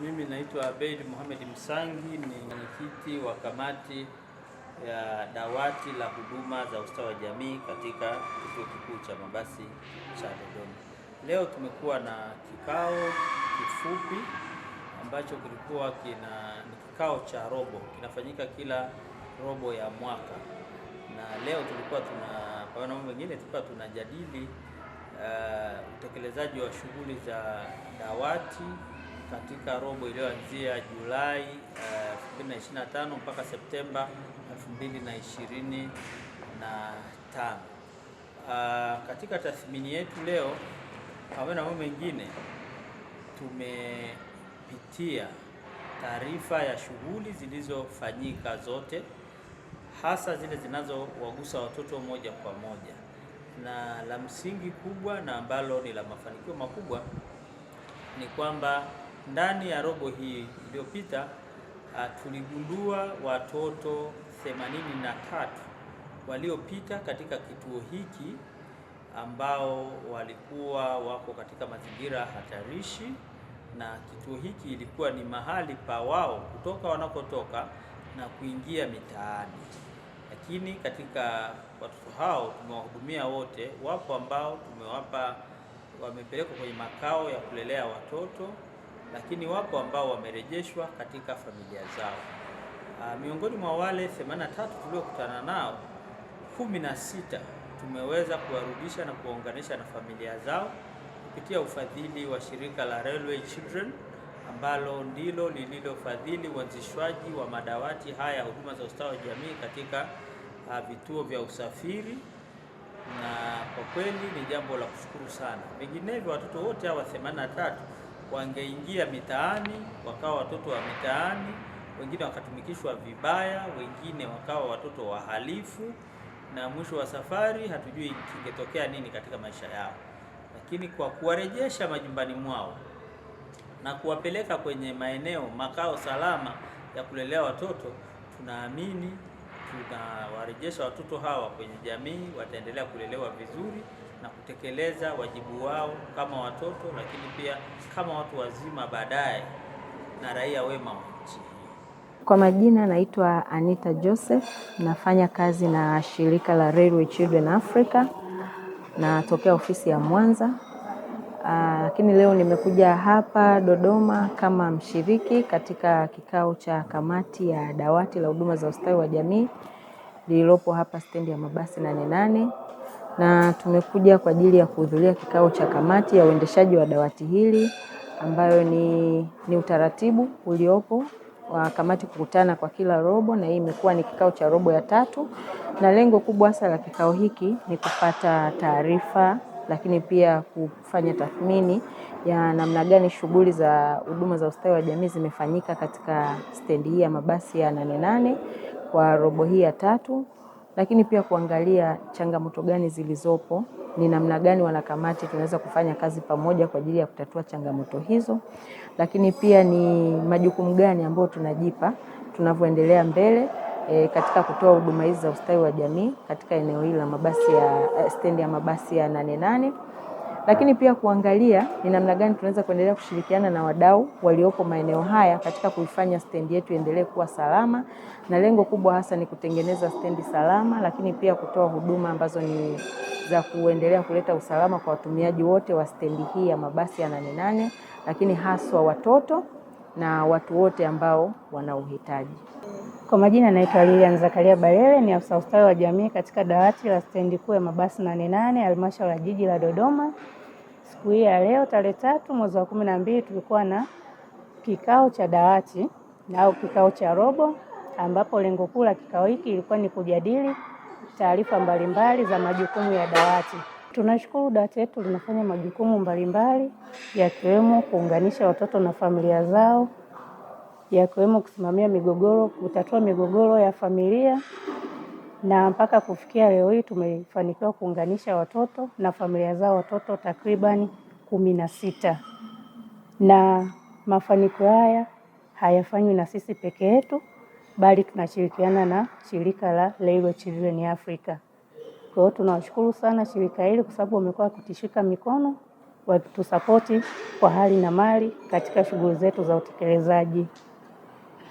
Mimi naitwa Abeid Mohamed Msangi, ni mwenyekiti wa kamati ya dawati la huduma za ustawi wa jamii katika kituo kikuu cha mabasi cha Dodoma. Leo tumekuwa na kikao kifupi ambacho kilikuwa kina ni kikao cha robo, kinafanyika kila robo ya mwaka, na leo tulikuwa tuna pamoja na mambo tulikuwa tunajadili eh, utekelezaji wa shughuli za dawati katika robo iliyoanzia Julai 2025 eh, mpaka Septemba 2025. Uh, ah, katika tathmini yetu leo pamoja na mambo mengine tumepitia taarifa ya shughuli zilizofanyika zote, hasa zile zinazowagusa watoto moja kwa moja, na la msingi kubwa na ambalo ni la mafanikio makubwa ni kwamba ndani ya robo hii iliyopita uh, tuligundua watoto 83 waliopita katika kituo hiki ambao walikuwa wako katika mazingira hatarishi, na kituo hiki ilikuwa ni mahali pa wao kutoka wanakotoka na kuingia mitaani. Lakini katika watoto hao tumewahudumia wote. Wapo ambao tumewapa, wamepelekwa kwenye makao ya kulelea watoto lakini wapo ambao wamerejeshwa katika familia zao. Ah, miongoni mwa wale 83 tuliokutana nao, 16 tumeweza kuwarudisha na kuwaunganisha na familia zao kupitia ufadhili wa shirika la Railway Children ambalo ndilo lililofadhili uanzishwaji wa madawati haya huduma za ustawi wa jamii katika a, ah, vituo vya usafiri na kwa kweli ni jambo la kushukuru sana. Vinginevyo watoto wote hawa 83 wangeingia mitaani wakawa watoto wa mitaani, wengine wakatumikishwa vibaya, wengine wakawa watoto wahalifu, na mwisho wa safari hatujui kingetokea nini katika maisha yao. Lakini kwa kuwarejesha majumbani mwao na kuwapeleka kwenye maeneo makao salama ya kulelea watoto, tunaamini tunawarejesha watoto hawa kwenye jamii, wataendelea kulelewa vizuri na kutekeleza wajibu wao kama watoto, lakini pia kama watu wazima baadaye na raia wema wa nchi Kwa majina naitwa Anita Joseph, nafanya kazi na shirika la Railway Children Africa, natokea ofisi ya Mwanza. Ah, lakini leo nimekuja hapa Dodoma kama mshiriki katika kikao cha kamati ya dawati la huduma za ustawi wa jamii lililopo hapa stendi ya mabasi Nane Nane, na tumekuja kwa ajili ya kuhudhuria kikao cha kamati ya uendeshaji wa dawati hili ambayo ni, ni utaratibu uliopo wa kamati kukutana kwa kila robo, na hii imekuwa ni kikao cha robo ya tatu, na lengo kubwa hasa la kikao hiki ni kupata taarifa lakini pia kufanya tathmini ya namna gani shughuli za huduma za ustawi wa jamii zimefanyika katika stendi hii ya mabasi ya nane nane kwa robo hii ya tatu, lakini pia kuangalia changamoto gani zilizopo, ni namna gani wanakamati tunaweza kufanya kazi pamoja kwa ajili ya kutatua changamoto hizo, lakini pia ni majukumu gani ambayo tunajipa tunavyoendelea mbele e, katika kutoa huduma hizi za ustawi wa jamii katika eneo hili la mabasi ya eh, stendi ya mabasi ya nane nane, lakini pia kuangalia ni namna gani tunaweza kuendelea kushirikiana na wadau waliopo maeneo haya katika kuifanya stendi yetu endelee kuwa salama, na lengo kubwa hasa ni kutengeneza stendi salama, lakini pia kutoa huduma ambazo ni za kuendelea kuleta usalama kwa watumiaji wote wa stendi hii ya mabasi ya nane nane, lakini haswa watoto na watu wote ambao wana uhitaji. Kwa majina naitwa Lilian Zakaria Balele, ni afisa ustawi wa jamii katika dawati la stendi kuu ya mabasi nane nane halmashauri ya jiji la Dodoma. Siku hii ya leo tarehe tatu mwezi wa kumi na mbili tulikuwa na kikao cha dawati au kikao cha robo, ambapo lengo kuu la kikao hiki ilikuwa ni kujadili taarifa mbalimbali za majukumu ya dawati. Tunashukuru dawati yetu linafanya majukumu mbalimbali yakiwemo kuunganisha watoto na familia zao yakiwemo kusimamia migogoro, kutatua migogoro ya familia na mpaka kufikia leo hii tumefanikiwa kuunganisha watoto na familia zao watoto takribani kumi na sita. Na mafanikio haya hayafanywi na sisi peke yetu, bali tunashirikiana na shirika la Leilo Children Africa. Kwa hiyo tunawashukuru sana shirika hili kwa sababu wamekuwa wakitushika mikono wakitusapoti kwa hali na mali katika shughuli zetu za utekelezaji.